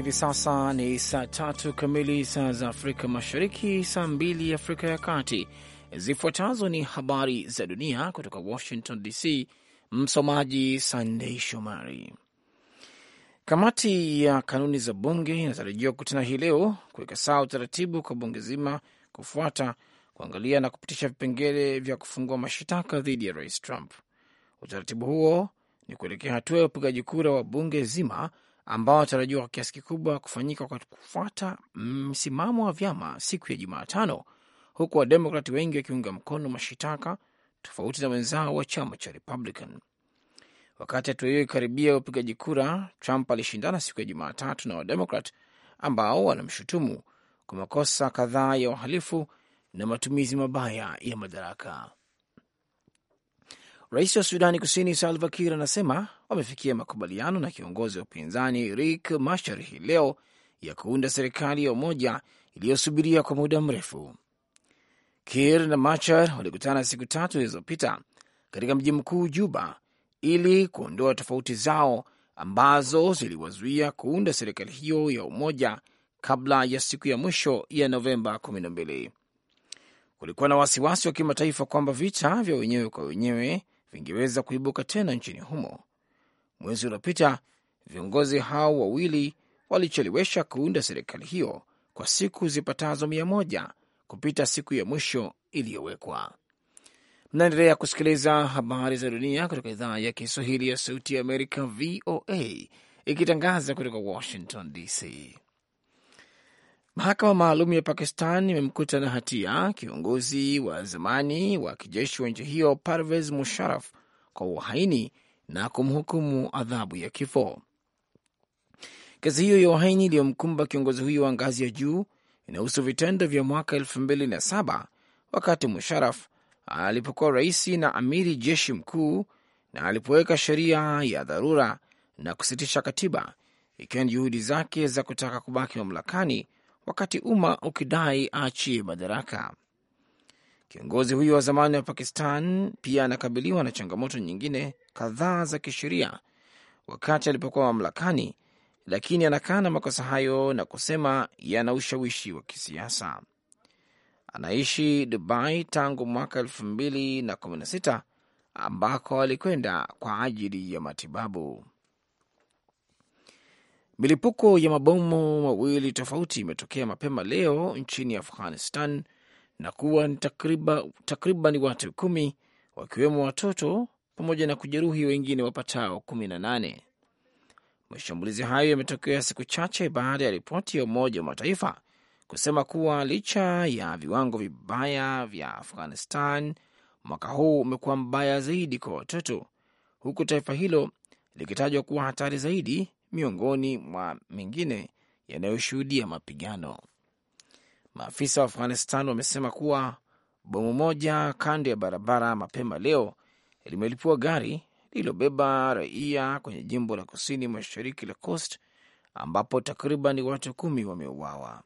Hivi sasa ni saa tatu kamili saa za Afrika Mashariki, saa mbili Afrika ya Kati. Zifuatazo ni habari za dunia kutoka Washington DC. Msomaji Sandei Shomari. Kamati ya kanuni za bunge inatarajiwa kukutana hii leo kuweka saa utaratibu kwa bunge zima kufuata kuangalia na kupitisha vipengele vya kufungua mashtaka dhidi ya rais Trump. Utaratibu huo ni kuelekea hatua ya upigaji kura wa bunge zima ambao wanatarajiwa kwa kiasi kikubwa kufanyika kwa kufuata msimamo wa vyama siku ya Jumatano, huku wademokrati wengi wakiunga mkono mashitaka tofauti na wenzao wa chama cha Republican. Wakati hatua hiyo ikikaribia upigaji kura, Trump alishindana siku ya Jumatatu na wademokrat ambao wanamshutumu kwa makosa kadhaa ya uhalifu na matumizi mabaya ya madaraka. Rais wa Sudani Kusini Salva Kiir anasema wamefikia makubaliano na kiongozi wa upinzani Riek Machar hii leo ya kuunda serikali ya umoja iliyosubiria kwa muda mrefu. Kiir na Machar walikutana siku tatu zilizopita katika mji mkuu Juba ili kuondoa tofauti zao ambazo ziliwazuia kuunda serikali hiyo ya umoja kabla ya siku ya mwisho ya Novemba 12. Kulikuwa na wasiwasi wa kimataifa kwamba vita vya wenyewe kwa wenyewe vingeweza kuibuka tena nchini humo. Mwezi uliopita viongozi hao wawili walichelewesha kuunda serikali hiyo kwa siku zipatazo mia moja kupita siku ya mwisho iliyowekwa. Mnaendelea kusikiliza habari za dunia kutoka idhaa ya Kiswahili ya Sauti ya Amerika, VOA, ikitangaza kutoka Washington DC. Mahakama maalum ya Pakistan imemkuta na hatia kiongozi wa zamani wa kijeshi wa nchi hiyo Parvez Musharraf kwa uhaini na kumhukumu adhabu ya kifo. Kesi hiyo ya uhaini iliyomkumba kiongozi huyo wa ngazi ya juu inahusu vitendo vya mwaka elfu mbili na saba wakati Musharaf alipokuwa rais na amiri jeshi mkuu na alipoweka sheria ya dharura na kusitisha katiba, ikiwa ni juhudi zake za kutaka kubaki mamlakani wakati umma ukidai aachie madaraka. Kiongozi huyo wa zamani wa Pakistan pia anakabiliwa na changamoto nyingine kadhaa za kisheria wakati alipokuwa mamlakani, lakini anakana makosa hayo na kusema yana ushawishi wa kisiasa. Anaishi Dubai tangu mwaka elfu mbili na kumi na sita ambako alikwenda kwa ajili ya matibabu. Milipuko ya mabomu mawili tofauti imetokea mapema leo nchini Afghanistan na kuwa takriban watu kumi wakiwemo watoto pamoja na kujeruhi wengine wapatao kumi na nane. Mashambulizi hayo yametokea siku chache baada ya ripoti ya Umoja wa Mataifa kusema kuwa licha ya viwango vibaya vya Afghanistan, mwaka huu umekuwa mbaya zaidi kwa watoto, huku taifa hilo likitajwa kuwa hatari zaidi miongoni mwa mengine yanayoshuhudia mapigano. Maafisa wa Afghanistan wamesema kuwa bomu moja kando ya barabara mapema leo limelipua gari lililobeba raia kwenye jimbo la kusini mashariki la Coast ambapo takriban watu kumi wameuawa.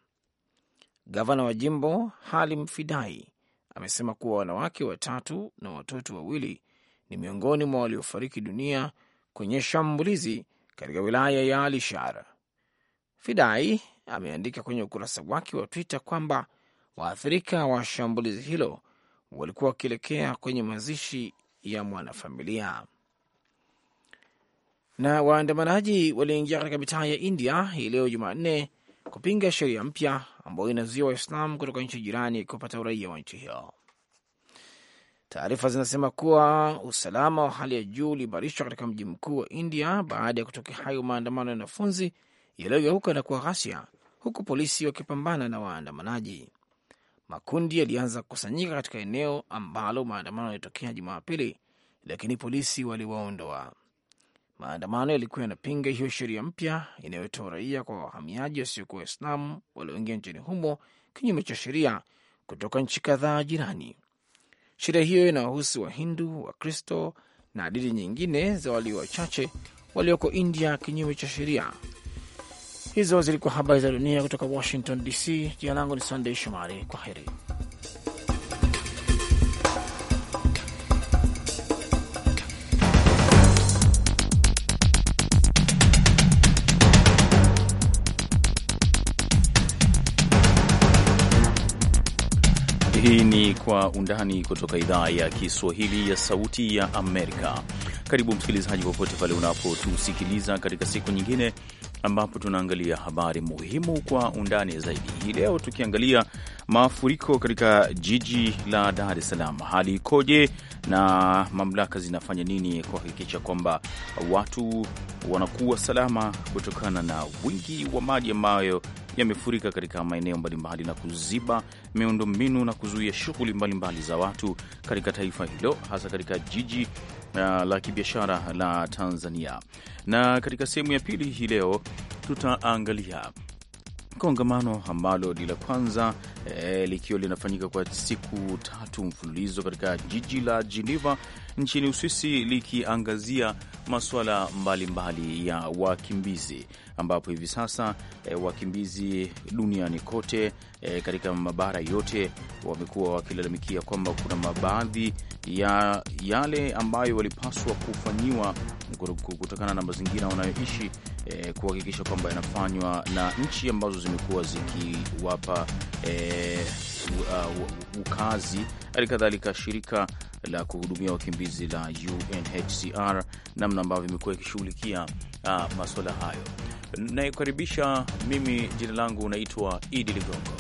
Gavana wa jimbo Halim Fidai amesema kuwa wanawake watatu na watoto wawili ni miongoni mwa waliofariki dunia kwenye shambulizi katika wilaya ya Alishar. Fidai ameandika kwenye ukurasa wake wa Twitter kwamba waathirika wa shambulizi hilo walikuwa wakielekea kwenye mazishi ya mwanafamilia. Na waandamanaji waliingia katika mitaa ya India hii leo Jumanne kupinga sheria mpya ambayo inazuia Waislamu kutoka nchi jirani kupata uraia wa nchi hiyo. Taarifa zinasema kuwa usalama wa hali ya juu uliimarishwa katika mji mkuu wa India baada ya kutokea hayo maandamano ya wanafunzi yaliyogeuka na kuwa ghasia, huku polisi wakipambana na waandamanaji. Makundi yalianza kukusanyika katika eneo ambalo maandamano yalitokea Jumapili, lakini polisi waliwaondoa. Maandamano yalikuwa yanapinga hiyo sheria mpya inayotoa raia kwa wahamiaji wasiokuwa Waislamu walioingia nchini humo kinyume cha sheria kutoka nchi kadhaa jirani. Sheria hiyo inawahusu Wahindu, Wakristo na dini nyingine za walio wachache walioko India kinyume cha sheria. Hizo zilikuwa habari za dunia kutoka Washington DC. Jina langu ni Sandey Shomari. Kwa heri. Hii ni Kwa Undani kutoka idhaa ya Kiswahili ya Sauti ya Amerika. Karibu msikilizaji, popote pale unapotusikiliza katika siku nyingine ambapo tunaangalia habari muhimu kwa undani zaidi. Hii leo tukiangalia mafuriko katika jiji la Dar es Salaam, hali ikoje na mamlaka zinafanya nini kuhakikisha kwamba watu wanakuwa salama kutokana na wingi wa maji ambayo yamefurika katika maeneo mbalimbali na kuziba miundombinu na kuzuia shughuli mbalimbali za watu katika taifa hilo, hasa katika jiji Uh, la kibiashara la Tanzania. Na katika sehemu ya pili hii leo tutaangalia kongamano ambalo ni la kwanza e, likiwa linafanyika kwa siku tatu mfululizo katika jiji la Geneva nchini Uswisi likiangazia masuala mbalimbali ya wakimbizi, ambapo hivi sasa e, wakimbizi duniani kote e, katika mabara yote wamekuwa wakilalamikia kwamba kuna mabaadhi ya yale ambayo walipaswa kufanyiwa kutokana na mazingira wanayoishi e, kuhakikisha kwamba yanafanywa na nchi ambazo zimekuwa zikiwapa e, ukazi hali kadhalika shirika la kuhudumia wakimbizi la UNHCR, namna ambavyo imekuwa ikishughulikia uh, maswala hayo. naikaribisha mimi, jina langu naitwa Idi Ligongo.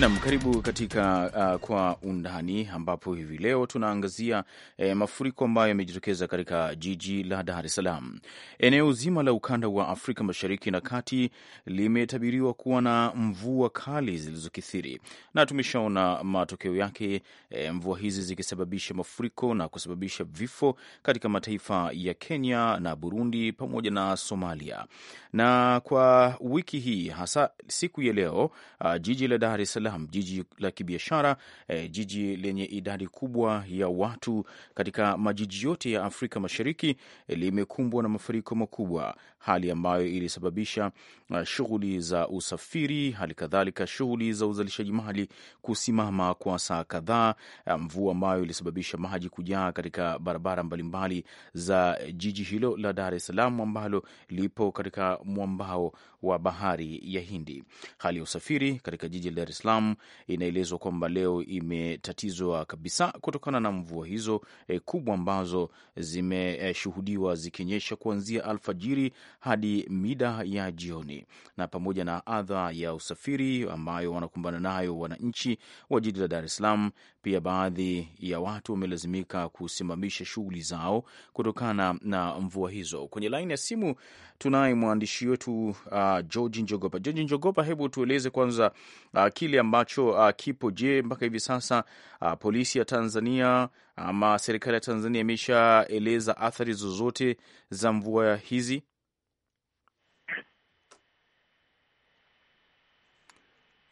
Nam, karibu katika uh, kwa undani ambapo hivi leo tunaangazia eh, mafuriko ambayo yamejitokeza katika jiji la Dar es Salaam. Eneo zima la ukanda wa Afrika Mashariki na Kati limetabiriwa kuwa na mvua kali zilizokithiri na tumeshaona matokeo yake, eh, mvua hizi zikisababisha mafuriko na kusababisha vifo katika mataifa ya Kenya na Burundi pamoja na Somalia. Na kwa wiki hii hasa siku ya leo uh, jiji la Dar es Salaam Salaam, jiji la kibiashara eh, jiji lenye idadi kubwa ya watu katika majiji yote ya Afrika Mashariki eh, limekumbwa na mafuriko makubwa, hali ambayo ilisababisha uh, shughuli za usafiri, hali kadhalika shughuli za uzalishaji mali kusimama kwa saa kadhaa, eh, mvua ambayo ilisababisha maji kujaa katika barabara mbalimbali za eh, jiji hilo la Dar es Salaam ambalo lipo katika mwambao wa bahari ya Hindi. Hali ya usafiri katika jiji la Dar es Salaam Salaam inaelezwa kwamba leo imetatizwa kabisa kutokana na mvua hizo e, kubwa ambazo zimeshuhudiwa e, zikinyesha kuanzia alfajiri hadi mida ya jioni, na pamoja na adha ya usafiri ambayo wanakumbana nayo wananchi wa jiji la Dar es Salaam. Pia baadhi ya watu wamelazimika kusimamisha shughuli zao kutokana na mvua hizo. Kwenye laini ya simu tunaye mwandishi wetu uh, Georgi Njogopa. georgi Njogopa, hebu tueleze kwanza uh, kile ambacho uh, kipo. Je, mpaka hivi sasa uh, polisi ya Tanzania ama serikali ya Tanzania imeshaeleza athari zozote za mvua hizi?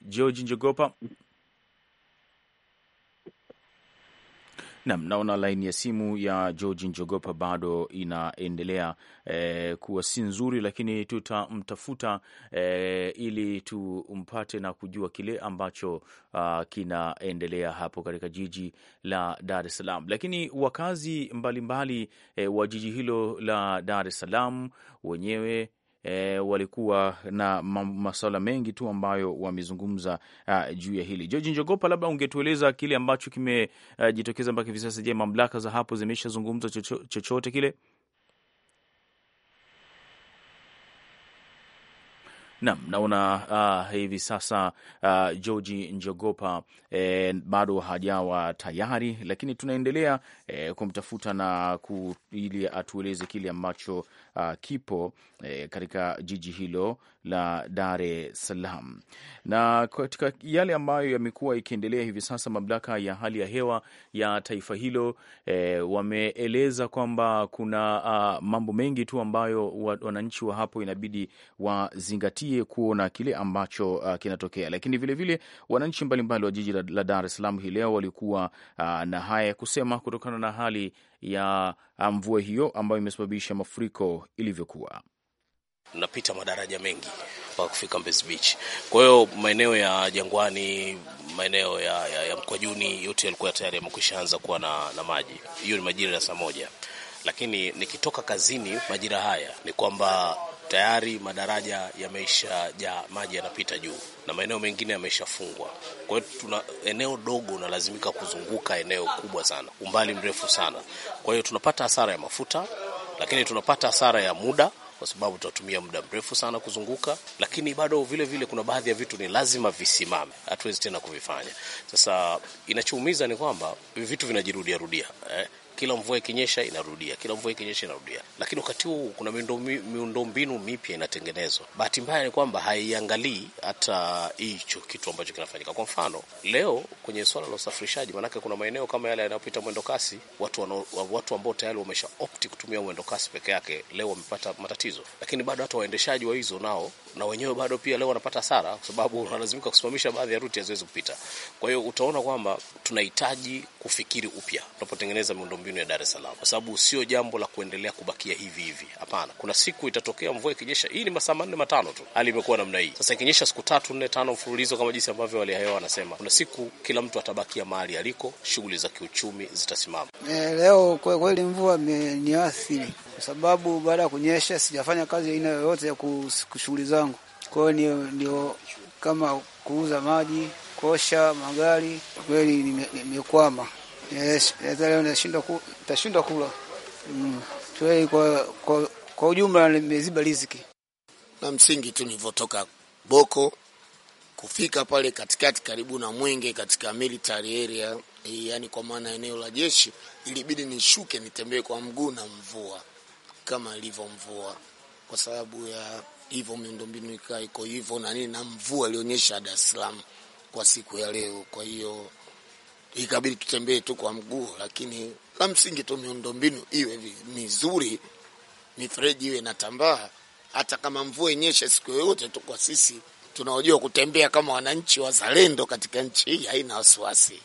georgi Njogopa Nam, naona laini ya simu ya George Njogopa bado inaendelea e, kuwa si nzuri, lakini tutamtafuta e, ili tumpate na kujua kile ambacho a, ah, kinaendelea hapo katika jiji la Dar es Salaam. Lakini wakazi mbalimbali mbali, eh, e, wa jiji hilo la Dar es Salaam wenyewe e, walikuwa na masuala mengi tu ambayo wamezungumza juu ya hili. George Njogopa, labda ungetueleza kile ambacho kimejitokeza mpaka hivi sasa. Je, mamlaka za hapo zimeshazungumza chochote cho, cho, kile Naam, naona uh, hivi sasa uh, George Njogopa eh, bado hajawa tayari, lakini tunaendelea eh, kumtafuta na ku, ili atueleze kile ambacho uh, kipo eh, katika jiji hilo la Dar es Salaam. Na katika yale ambayo yamekuwa ikiendelea hivi sasa, mamlaka ya hali ya hewa ya taifa hilo e, wameeleza kwamba kuna a, ah, mambo mengi tu ambayo wananchi wa hapo inabidi wazingatie kuona kile ambacho a, ah, kinatokea. Lakini vilevile wananchi mbalimbali wa jiji la, la Dar es Salaam hii leo walikuwa a, ah, na haya ya kusema kutokana na hali ya mvua hiyo ambayo imesababisha mafuriko ilivyokuwa napita madaraja mengi mpaka kufika Mbezi Beach. Kwa hiyo maeneo ya Jangwani, maeneo ya, ya, ya Mkwajuni yote yalikuwa tayari yamekwisha anza kuwa na, na maji. Hiyo ni majira ya saa moja, lakini nikitoka kazini majira haya ni kwamba tayari madaraja yameisha ja maji yanapita juu na maeneo mengine yameshafungwa. Kwa hiyo tuna eneo dogo, unalazimika kuzunguka eneo kubwa sana, umbali mrefu sana. Kwa hiyo tunapata hasara ya mafuta, lakini tunapata hasara ya muda kwa sababu tutatumia muda mrefu sana kuzunguka, lakini bado vile vile kuna baadhi ya vitu ni lazima visimame, hatuwezi tena kuvifanya. Sasa inachoumiza ni kwamba vitu rudia eh? kila mvua ikinyesha inarudia, kila mvua ikinyesha inarudia. Lakini wakati huu kuna miundombinu mipya inatengenezwa. Bahati mbaya ni kwamba haiangalii hata hicho kitu ambacho kinafanyika. Kwa mfano, leo kwenye swala la usafirishaji, maanake kuna maeneo kama yale yanayopita mwendo kasi, watu watu ambao tayari wamesha opti kutumia mwendo kasi peke yake leo wamepata matatizo, lakini bado hata waendeshaji wa hizo nao na wenyewe bado pia leo wanapata hasara, kwa sababu wanalazimika kusimamisha baadhi ya ruti haziwezi kupita. Kwa hiyo utaona kwamba tunahitaji kufikiri upya tunapotengeneza miundombinu ya Dar es Salaam, kwa sababu sio jambo la kuendelea kubakia hivi hivi. Hapana, kuna siku itatokea mvua ikinyesha. Hii ni masaa manne matano tu, hali imekuwa namna hii sasa. Ikinyesha siku tatu nne tano mfululizo, kama jinsi ambavyo hali hewa wanasema, kuna siku kila mtu atabakia mahali aliko, shughuli za kiuchumi zitasimama. Eh, leo kweli mvua imeniathiri sababu baada ya kunyesha sijafanya kazi aina yoyote ya kushughuli zangu. Kwa hiyo ndio kama kuuza maji, kosha magari, kweli nimekwama, nitashindwa kula mm. Kwa, kwa, kwa ujumla nimeziba riziki na msingi tu nilivyotoka Boko kufika pale katikati karibu na Mwenge katika military area, yaani kwa maana eneo la jeshi, ilibidi nishuke nitembee kwa mguu na mvua kama ilivyo mvua, kwa sababu ya hivyo miundombinu ikaa iko hivyo na nini, na mvua ilionyesha Dar es Salaam kwa siku ya leo. Kwa hiyo ikabidi tutembee tu kwa mguu, lakini la msingi tu miundombinu iwe mizuri, mifereji iwe natambaa, hata kama mvua inyeshe siku yoyote tu, kwa sisi tunaojua kutembea kama wananchi wazalendo katika nchi hii haina wasiwasi.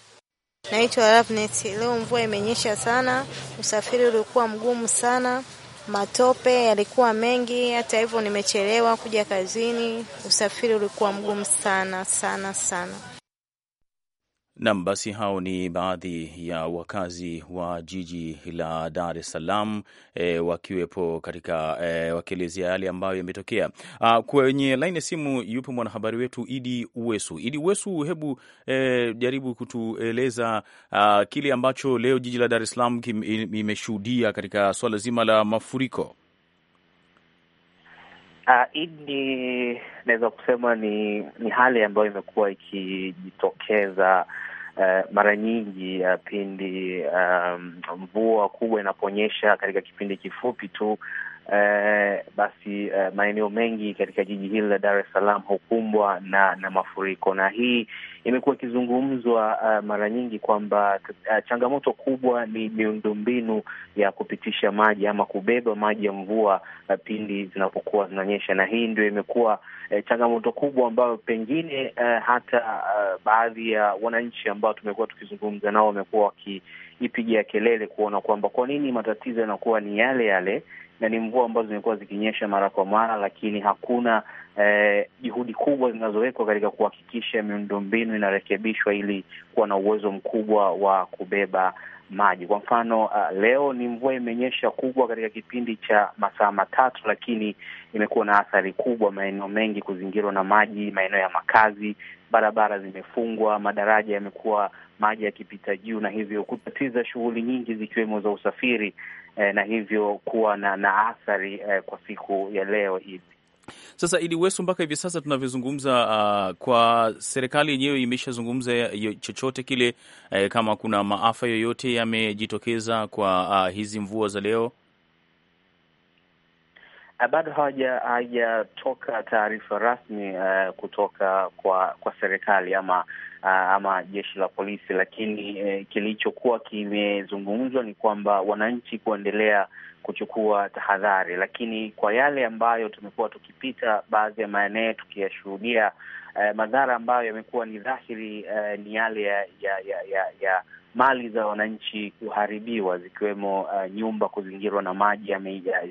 Naitwa Ravnet. Leo mvua imenyesha sana, usafiri ulikuwa mgumu sana. Matope yalikuwa mengi. Hata hivyo, nimechelewa kuja kazini. Usafiri ulikuwa mgumu sana sana sana. Nam, basi hao ni baadhi ya wakazi wa jiji la Dar es Salaam e, wakiwepo katika e, wakielezea yale ambayo yametokea. Kwenye laini ya simu yupo mwanahabari wetu Idi Uwesu. Idi Uwesu, hebu e, jaribu kutueleza a, kile ambacho leo jiji la Dar es Salaam imeshuhudia katika swala zima la mafuriko. Uh, idi naweza kusema ni ni hali ambayo imekuwa ikijitokeza uh, mara nyingi uh, pindi um, mvua kubwa inaponyesha katika kipindi kifupi tu eh, basi eh, maeneo mengi katika jiji hili la Dar es Salaam hukumbwa na na mafuriko, na hii imekuwa ikizungumzwa uh, mara nyingi kwamba uh, changamoto kubwa ni miundombinu ya kupitisha maji ama kubeba maji ya mvua uh, pindi zinapokuwa zinanyesha, na hii ndio imekuwa uh, changamoto kubwa ambayo pengine uh, hata uh, baadhi ya wananchi ambao tumekuwa tukizungumza nao wamekuwa wakiipigia kelele kuona kwamba kwa nini matatizo yanakuwa ni yale yale na ni mvua ambazo zimekuwa zikinyesha mara kwa mara, lakini hakuna eh, juhudi kubwa zinazowekwa katika kuhakikisha miundombinu inarekebishwa ili kuwa na uwezo mkubwa wa kubeba maji. Kwa mfano uh, leo ni mvua imenyesha kubwa katika kipindi cha masaa matatu, lakini imekuwa na athari kubwa, maeneo mengi kuzingirwa na maji, maeneo ya makazi barabara zimefungwa, madaraja yamekuwa maji yakipita juu, na hivyo kutatiza shughuli nyingi zikiwemo za usafiri eh, na hivyo kuwa na, na athari eh, kwa siku ya leo hivi sasa ili Wesu, mpaka hivi sasa tunavyozungumza, uh, kwa serikali yenyewe imeshazungumza chochote kile, uh, kama kuna maafa yoyote yamejitokeza kwa uh, hizi mvua za leo Eh, bado hawajatoka taarifa rasmi uh, kutoka kwa kwa serikali ama uh, ama jeshi la polisi, lakini uh, kilichokuwa kimezungumzwa ni kwamba wananchi kuendelea kuchukua tahadhari, lakini kwa yale ambayo tumekuwa tukipita baadhi ya maeneo tukiyashuhudia, uh, madhara ambayo yamekuwa ni dhahiri uh, ni yale ya, ya, ya, ya, ya mali za wananchi kuharibiwa zikiwemo uh, nyumba kuzingirwa na maji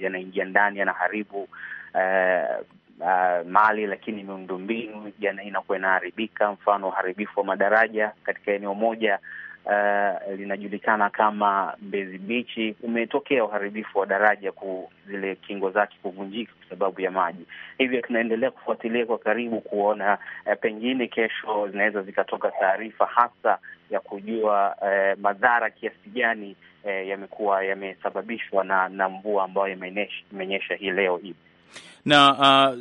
yanaingia ndani yanaharibu uh, uh, mali, lakini miundombinu inakuwa inaharibika. Mfano, uharibifu wa madaraja katika eneo moja Uh, linajulikana kama Mbezi Bichi, umetokea uharibifu wa daraja ku zile kingo zake kuvunjika kwa sababu ya maji. Hivyo tunaendelea kufuatilia kwa karibu kuona, uh, pengine kesho zinaweza zikatoka taarifa hasa ya kujua eh, madhara kiasi gani eh, yamekuwa yamesababishwa na, na mvua ambayo imenyesha hii leo hii na uh,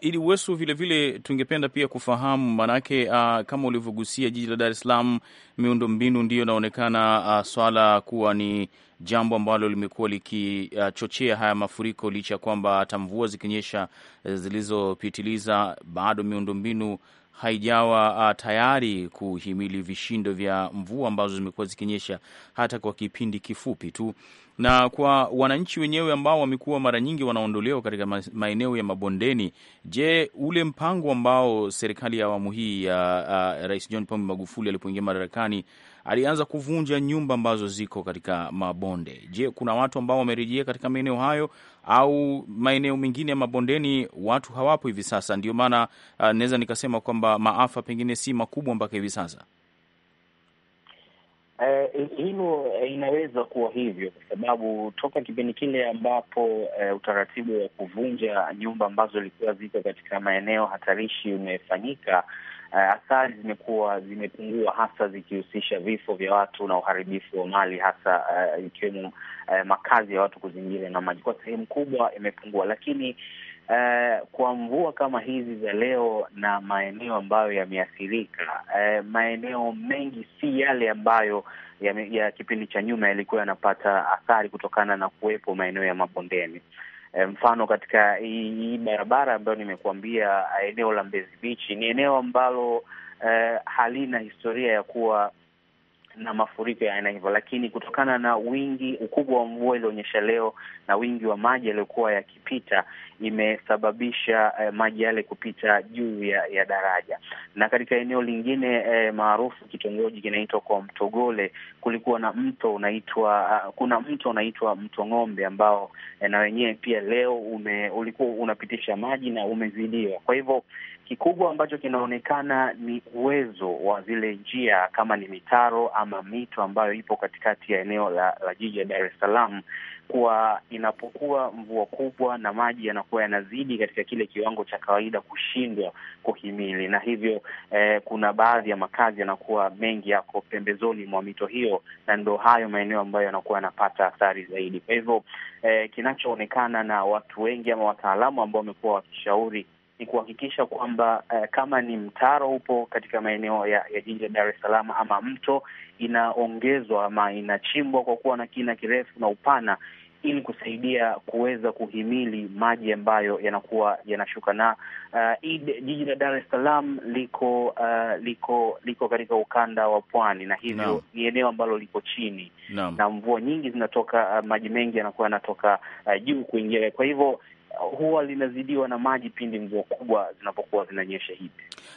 ili uwesu vilevile, tungependa pia kufahamu maanake, uh, ah, kama ulivyogusia jiji la Dar es Salaam, miundo mbinu ndiyo inaonekana uh, swala kuwa ni jambo ambalo limekuwa likichochea uh, haya mafuriko, licha ya kwamba hata mvua zikinyesha uh, zilizopitiliza bado miundo mbinu haijawa ah, tayari kuhimili vishindo vya mvua ambazo zimekuwa zikinyesha hata kwa kipindi kifupi tu, na kwa wananchi wenyewe ambao wamekuwa mara nyingi wanaondolewa katika maeneo ya mabondeni. Je, ule mpango ambao serikali ya awamu hii ya uh, Rais John Pombe Magufuli alipoingia madarakani alianza kuvunja nyumba ambazo ziko katika mabonde. Je, kuna watu ambao wamerejea katika maeneo hayo au maeneo mengine ya mabondeni watu hawapo hivi sasa? Ndio maana uh, naweza nikasema kwamba maafa pengine si makubwa mpaka hivi sasa. Uh, hilo inaweza kuwa hivyo kwa sababu toka kipindi kile ambapo uh, utaratibu wa kuvunja nyumba ambazo zilikuwa ziko katika maeneo hatarishi umefanyika, Eh, athari zimekuwa zimepungua, hasa zikihusisha vifo vya watu na uharibifu wa mali, hasa uh, ikiwemo uh, makazi ya watu kuzingira na maji, kwa sehemu kubwa imepungua, lakini Uh, kwa mvua kama hizi za leo na maeneo ambayo yameathirika, uh, maeneo mengi si yale ambayo ya, ya kipindi cha nyuma yalikuwa yanapata athari kutokana na kuwepo maeneo ya mabondeni. Eh, mfano, katika hii barabara ambayo nimekuambia, eh, eneo la Mbezi Beach ni eneo ambalo eh, halina historia ya kuwa na mafuriko ya aina hivyo, lakini kutokana na wingi ukubwa wa mvua ilionyesha leo na wingi wa maji yaliyokuwa yakipita imesababisha eh, maji yale kupita juu ya, ya daraja. Na katika eneo lingine eh, maarufu kitongoji kinaitwa kwa Mtogole, kulikuwa na mto unaitwa uh, kuna mto unaitwa Mto Ng'ombe ambao eh, na wenyewe pia leo ume, ulikuwa unapitisha maji na umezidiwa. Kwa hivyo Kikubwa ambacho kinaonekana ni uwezo wa zile njia kama ni mitaro ama mito ambayo ipo katikati ya eneo la, la jiji ya Dar es Salaam kuwa inapokuwa mvua kubwa na maji yanakuwa yanazidi katika kile kiwango cha kawaida kushindwa kuhimili, na hivyo eh, kuna baadhi ya makazi yanakuwa mengi yako pembezoni mwa mito hiyo, na ndo hayo maeneo ambayo yanakuwa yanapata athari zaidi. Kwa hivyo eh, kinachoonekana na watu wengi ama wataalamu ambao wamekuwa wakishauri ni kuhakikisha kwamba uh, kama ni mtaro upo katika maeneo ya, ya jiji la Dar es Salaam ama mto inaongezwa ama inachimbwa kwa kuwa na kina kirefu na upana ili kusaidia kuweza kuhimili maji ambayo yanakuwa yanashuka na uh, jiji la Dar es Salaam liko uh, liko liko katika ukanda wa pwani, na hivyo ni eneo ambalo liko chini no. na mvua nyingi zinatoka uh, maji mengi yanakuwa yanatoka uh, juu kuingia. Kwa hivyo huwa linazidiwa na maji pindi mvua kubwa zinapokuwa zinanyesha hivi.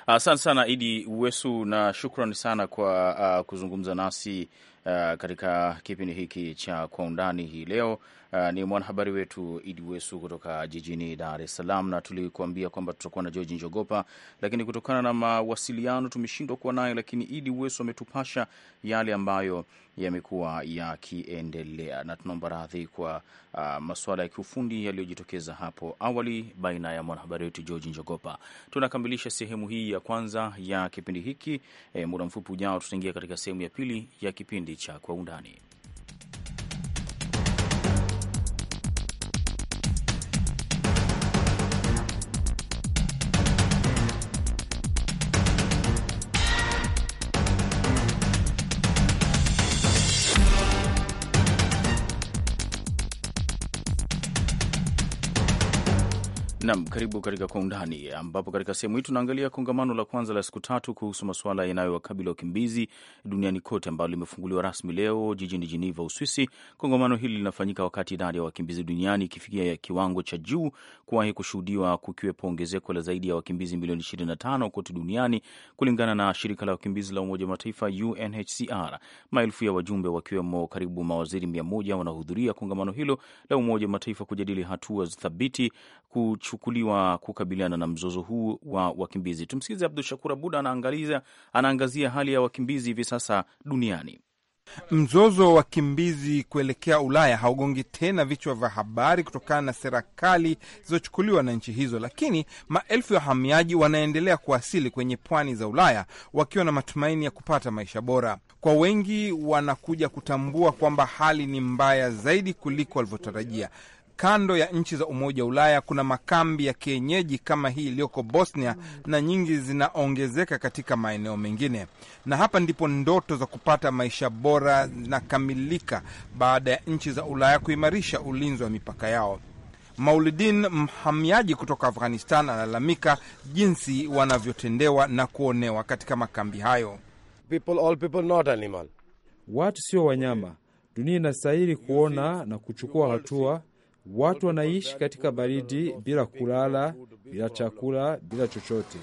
Asante sana Idi Uwesu na shukran sana kwa uh, kuzungumza nasi uh, katika kipindi hiki cha Kwa Undani hii leo. Uh, ni mwanahabari wetu Idi Wesu kutoka jijini Dar es Salaam, na tulikuambia kwamba tutakuwa na George Njogopa, lakini kutokana na mawasiliano tumeshindwa kuwa nayo, lakini Idi Wesu ametupasha yale ambayo yamekuwa yakiendelea, na tunaomba radhi kwa uh, masuala ya kiufundi yaliyojitokeza hapo awali baina ya mwanahabari wetu George Njogopa. Tunakamilisha sehemu hii ya kwanza ya kipindi hiki. E, muda mfupi ujao tutaingia katika sehemu ya pili ya kipindi cha Kwa Undani. Nam, karibu katika Kwa Undani, ambapo katika sehemu hii tunaangalia kongamano la kwanza la siku tatu kuhusu masuala yanayowakabili wakimbizi duniani kote ambalo limefunguliwa rasmi leo jijini Jeneva, Uswisi. Kongamano hili linafanyika wakati idadi ya wakimbizi duniani ikifikia kiwango cha juu kuwahi kushuhudiwa, kukiwepo ongezeko la zaidi ya wakimbizi milioni 25 kote duniani, kulingana na shirika la wakimbizi la Umoja wa Mataifa, UNHCR. Maelfu ya wajumbe wakiwemo karibu mawaziri 100 wanahudhuria kongamano hilo la Umoja wa Mataifa kujadili hatua thabiti kuchukuliwa kukabiliana na mzozo huu wa wakimbizi. Tumsikize Abdu Shakur Abud anaangazia hali ya wakimbizi hivi sasa duniani. Mzozo wa wakimbizi kuelekea Ulaya haugongi tena vichwa vya habari kutokana na serikali zilizochukuliwa na nchi hizo, lakini maelfu ya wahamiaji wanaendelea kuwasili kwenye pwani za Ulaya wakiwa na matumaini ya kupata maisha bora. Kwa wengi, wanakuja kutambua kwamba hali ni mbaya zaidi kuliko walivyotarajia, kando ya nchi za Umoja wa Ulaya kuna makambi ya kienyeji kama hii iliyoko Bosnia na nyingi zinaongezeka katika maeneo mengine, na hapa ndipo ndoto za kupata maisha bora zinakamilika baada ya nchi za Ulaya kuimarisha ulinzi wa mipaka yao. Maulidin, mhamiaji kutoka Afghanistan, analalamika jinsi wanavyotendewa na kuonewa katika makambi hayo. People, all people, not animal. Watu sio wanyama. Dunia inastahili kuona na kuchukua hatua Watu wanaishi katika baridi, bila kulala, bila chakula, bila chochote.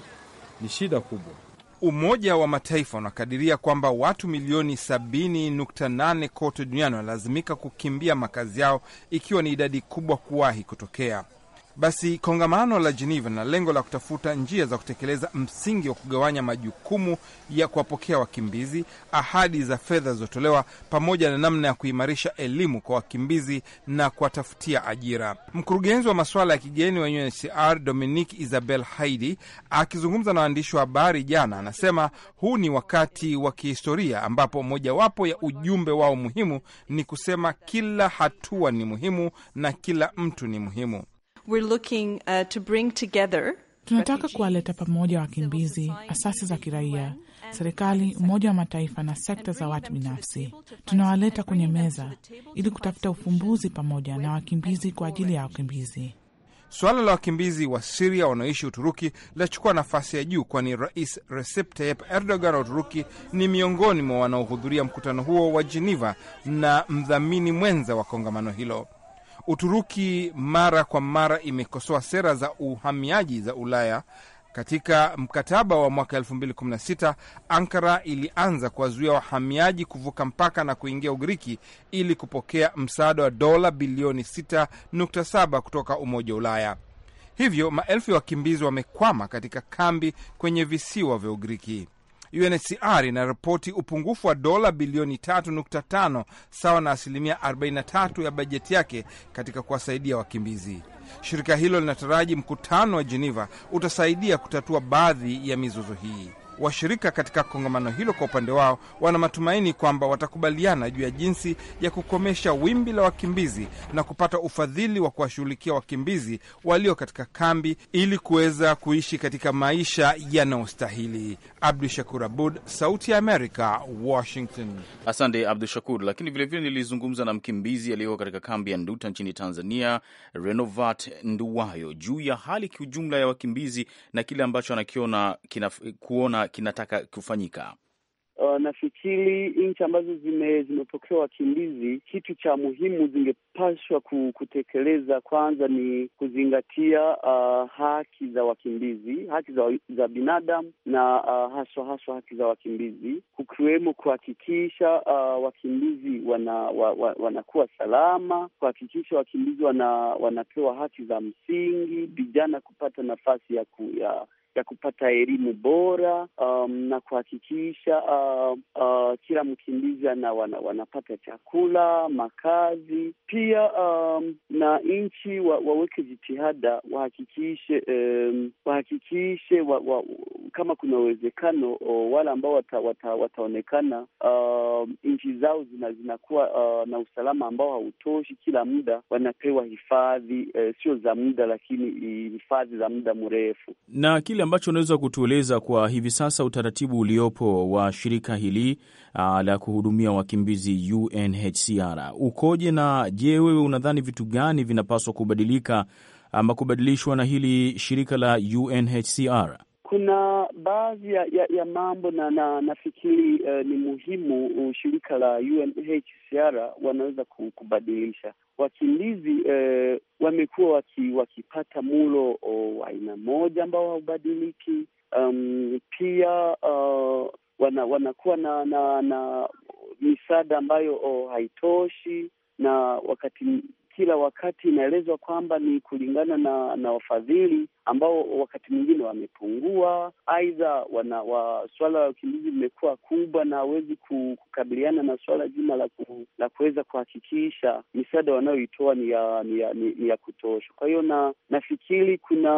Ni shida kubwa. Umoja wa Mataifa unakadiria kwamba watu milioni 70.8 kote duniani wanalazimika kukimbia makazi yao, ikiwa ni idadi kubwa kuwahi kutokea. Basi kongamano la Geneva na lengo la kutafuta njia za kutekeleza msingi wa kugawanya majukumu ya kuwapokea wakimbizi, ahadi za fedha zilizotolewa, pamoja na namna ya kuimarisha elimu kwa wakimbizi na kuwatafutia ajira. Mkurugenzi wa masuala ya kigeni wa UNHCR Dominique Isabel Haidi akizungumza na waandishi wa habari jana, anasema huu ni wakati wa kihistoria ambapo mojawapo ya ujumbe wao muhimu ni kusema kila hatua ni muhimu na kila mtu ni muhimu. We're looking, uh, to bring together tunataka kuwaleta pamoja wakimbizi, asasi za kiraia, serikali, Umoja wa Mataifa na sekta za watu binafsi. Tunawaleta kwenye meza ili kutafuta ufumbuzi pamoja na wakimbizi kwa ajili ya wakimbizi. Suala la wakimbizi wa Siria wanaoishi Uturuki linachukua nafasi ya juu, kwani Rais Recep Tayyip Erdogan wa Uturuki ni miongoni mwa wanaohudhuria mkutano huo wa Jeneva na mdhamini mwenza wa kongamano hilo. Uturuki mara kwa mara imekosoa sera za uhamiaji za Ulaya. Katika mkataba wa mwaka 2016 Ankara ilianza kuwazuia wahamiaji kuvuka mpaka na kuingia Ugiriki ili kupokea msaada wa dola bilioni 6.7 kutoka Umoja wa Ulaya. Hivyo maelfu ya wakimbizi wamekwama katika kambi kwenye visiwa vya Ugiriki. UNHCR inaripoti upungufu wa dola bilioni 3.5 sawa na asilimia 43 ya bajeti yake katika kuwasaidia wakimbizi. Shirika hilo linataraji mkutano wa Geneva utasaidia kutatua baadhi ya mizozo hii. Washirika katika kongamano hilo kwa upande wao wana matumaini kwamba watakubaliana juu ya jinsi ya kukomesha wimbi la wakimbizi na kupata ufadhili wa kuwashughulikia wakimbizi walio katika kambi ili kuweza kuishi katika maisha yanayostahili. Abdu Shakur Abud, Sauti ya Amerika, Washington. Asante Abdu Shakur. Lakini vilevile nilizungumza na mkimbizi aliyeko katika kambi ya Nduta nchini Tanzania, Renovat Nduwayo, juu ya hali kiujumla ya wakimbizi na kile ambacho anakiona kuona kinataka kufanyika? Uh, nafikiri nchi ambazo zime, zimepokea wakimbizi, kitu cha muhimu zingepaswa kutekeleza kwanza ni kuzingatia uh, haki za wakimbizi, haki za, za binadamu na uh, haswa haswa haki za wakimbizi, kukiwemo kuhakikisha uh, wakimbizi wana, wa, wa, wanakuwa salama, kuhakikisha wakimbizi wana, wanapewa haki za msingi, vijana kupata nafasi ya, ku, ya ya kupata elimu bora um, na kuhakikisha uh, uh, kila mkimbizi ana wana, wanapata chakula, makazi pia um, na nchi wa, waweke jitihada wahakikishe um, wahakikishe wa, wa, kama kuna uwezekano wale ambao wata, wata, wataonekana uh, nchi zao zina, zinakuwa uh, na usalama ambao hautoshi, kila muda wanapewa hifadhi uh, sio za muda, lakini eh, hifadhi za muda mrefu na kila kile ambacho unaweza kutueleza kwa hivi sasa utaratibu uliopo wa shirika hili uh, la kuhudumia wakimbizi UNHCR ukoje, na je, wewe unadhani vitu gani vinapaswa kubadilika ama kubadilishwa na hili shirika la UNHCR? Kuna baadhi ya, ya, ya mambo na, na nafikiri uh, ni muhimu uh, shirika la UNHCR wanaweza kubadilisha wakimbizi eh, wamekuwa waki, wakipata mulo oh, wa aina moja ambao haubadiliki. Um, pia uh, wana, wanakuwa na na, na misaada ambayo oh, haitoshi na wakati kila wakati inaelezwa kwamba ni kulingana na na wafadhili ambao wakati mwingine wamepungua, aidha wana wa suala la ukimbizi limekuwa kubwa na hawezi kukabiliana na suala zima la, ku, la kuweza kuhakikisha misaada wanayoitoa ni ya ni ya, ni, ni ya kutosha. Kwa hiyo na nafikiri kuna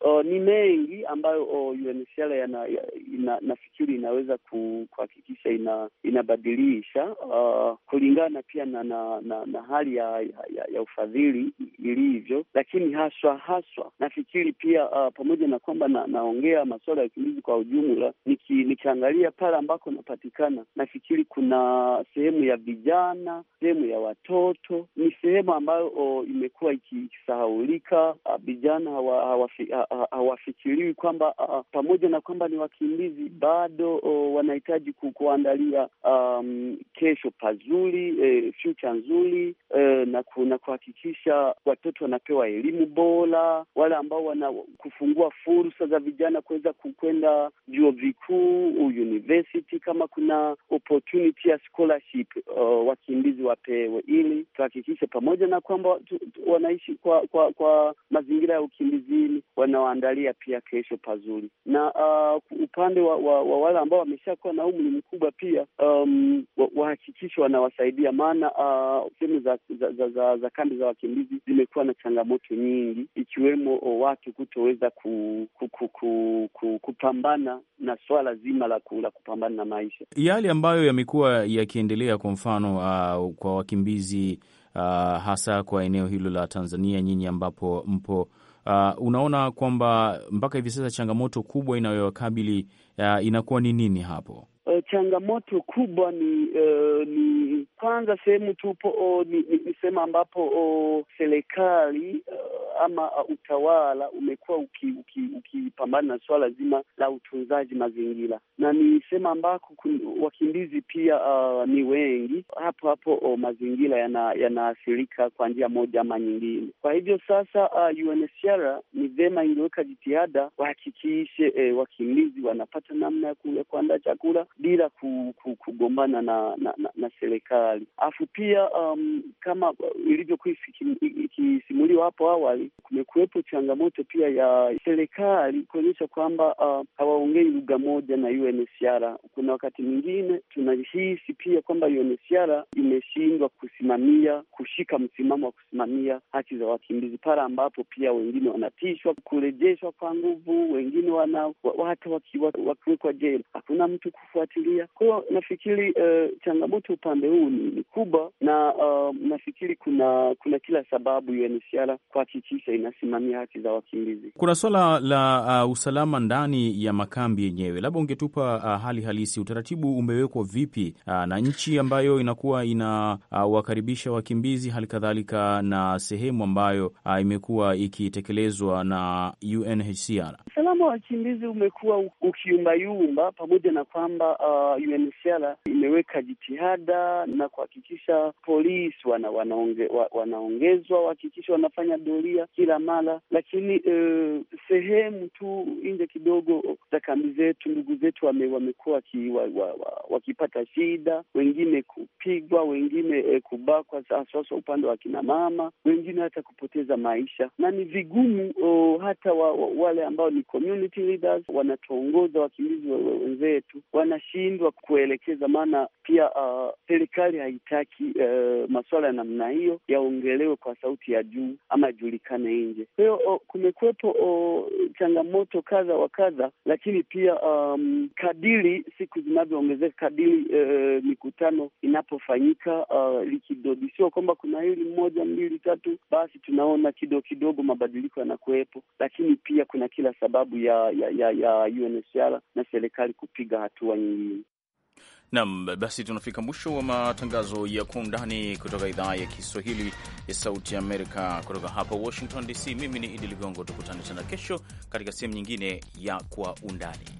o, ni mengi ambayo o, UNHCR yana, ya, ina, nafikiri inaweza kuhakikisha ina, inabadilisha uh, kulingana pia na, na, na, na hali ya, ya, ya ufadhili ilivyo, lakini haswa haswa nafikiri pia uh, pamoja na kwamba na, naongea masuala ya ukimbizi kwa ujumla, niki, nikiangalia pale ambako napatikana, nafikiri kuna sehemu ya vijana, sehemu ya watoto, ni sehemu ambayo oh, imekuwa ikisahaulika. Uh, vijana hawafikiriwi hawa, hawa kwamba uh, pamoja na kwamba ni wakimbizi bado oh, wanahitaji kuandalia um, kesho pazuri, eh, future nzuri eh, na kuhakikisha watoto wanapewa elimu bora, wale ambao wana kufungua fursa za vijana kuweza kukwenda vyuo vikuu university, kama kuna opportunity ya scholarship uh, wakimbizi wapewe, ili tuhakikishe pamoja na kwamba tu, tu, wanaishi kwa, kwa kwa mazingira ya ukimbizini, wanaoandalia pia kesho pazuri na uh, upande wa, wa, wa wale ambao wameshakuwa na umri mkubwa pia um, wahakikishe wa wanawasaidia, maana uh, sehemu za, za, za, za, za kambi za wakimbizi zimekuwa na changamoto nyingi ikiwemo uh, watu kutoweza ku, ku, ku, ku, ku, kupambana na swala zima la kupambana na maisha yale ambayo yamekuwa yakiendelea. Kwa mfano uh, kwa wakimbizi uh, hasa kwa eneo hilo la Tanzania, nyinyi ambapo mpo Uh, unaona kwamba mpaka hivi sasa changamoto kubwa inayowakabili uh, inakuwa ni nini hapo? uh, changamoto kubwa ni uh, ni kwanza sehemu tupo oh, ni, ni, ni sehemu ambapo oh, serikali uh, ama uh, utawala umekuwa ukipambana uki, uki na suala zima la utunzaji mazingira, na ni sehemu ambako wakimbizi pia uh, ni wengi. Hapo hapo oh, mazingira yanaathirika yana kwa njia moja ama nyingine. Kwa hivyo sasa uh, UNHCR ni vema ingeweka jitihada wahakikishe eh, wakimbizi wanapata namna ya kuandaa chakula bila kugombana na na, na, na serikali. Alafu pia um, kama ilivyokuwa ikisimuliwa hapo awali, kumekuwepo changamoto pia ya serikali kuonyesha kwamba uh, hawaongei lugha moja na UNHCR. Kuna wakati mwingine tunahisi pia kwamba UNHCR imeshindwa kusimamia kushika msimamo wa kusimamia haki za wakimbizi pale ambapo pia wengine wanatishwa kurejeshwa kwa nguvu, wengine wana hata wakiwekwa jela hakuna mtu kufua kufuatilia. Kwa nafikiri uh, changamoto upande huu ni kubwa, na uh, nafikiri kuna kuna kila sababu UNHCR kuhakikisha inasimamia haki za wakimbizi. Kuna swala la uh, usalama ndani ya makambi yenyewe, labda ungetupa uh, hali halisi, utaratibu umewekwa vipi uh, na nchi ambayo inakuwa inawakaribisha uh, wakimbizi, hali kadhalika na sehemu ambayo uh, imekuwa ikitekelezwa na UNHCR. Usalama wa wakimbizi umekuwa ukiumbayumba, pamoja na kwamba uh, UNHCR imeweka jitihada na kuhakikisha polisi wana, wanaonge, wa, wanaongezwa wahakikisha wanafanya doria kila mara, lakini uh, sehemu tu nje kidogo za kambi zetu ndugu zetu wame, wamekuwa wakipata wa, wa, wa shida, wengine kupigwa, wengine eh, kubakwa, haswaswa upande wa kina mama, wengine hata kupoteza maisha, na ni vigumu oh, hata wa, wa, wale ambao ni community leaders wanatuongoza wakimbizi wenzetu wana wanashindwa kuelekeza, maana pia uh, serikali uh, haitaki uh, masuala ya namna hiyo yaongelewe kwa sauti ya juu ama yajulikane nje. Kwa hiyo oh, kumekuwepo oh, changamoto kadha wa kadha, lakini pia um, kadiri siku zinavyoongezeka, kadiri uh, mikutano inapofanyika uh, likidodisiwa kwamba kuna hili moja mbili tatu, basi tunaona kidogo kidogo mabadiliko yanakuwepo, lakini pia kuna kila sababu ya ya, ya, ya UNHCR na serikali kupiga hatua nyingi. Nam, basi tunafika mwisho wa matangazo ya Kwa Undani kutoka idhaa ya Kiswahili ya Sauti ya Amerika, kutoka hapa Washington DC. Mimi ni Idi Ligongo, tukutane tena kesho katika sehemu nyingine ya Kwa Undani.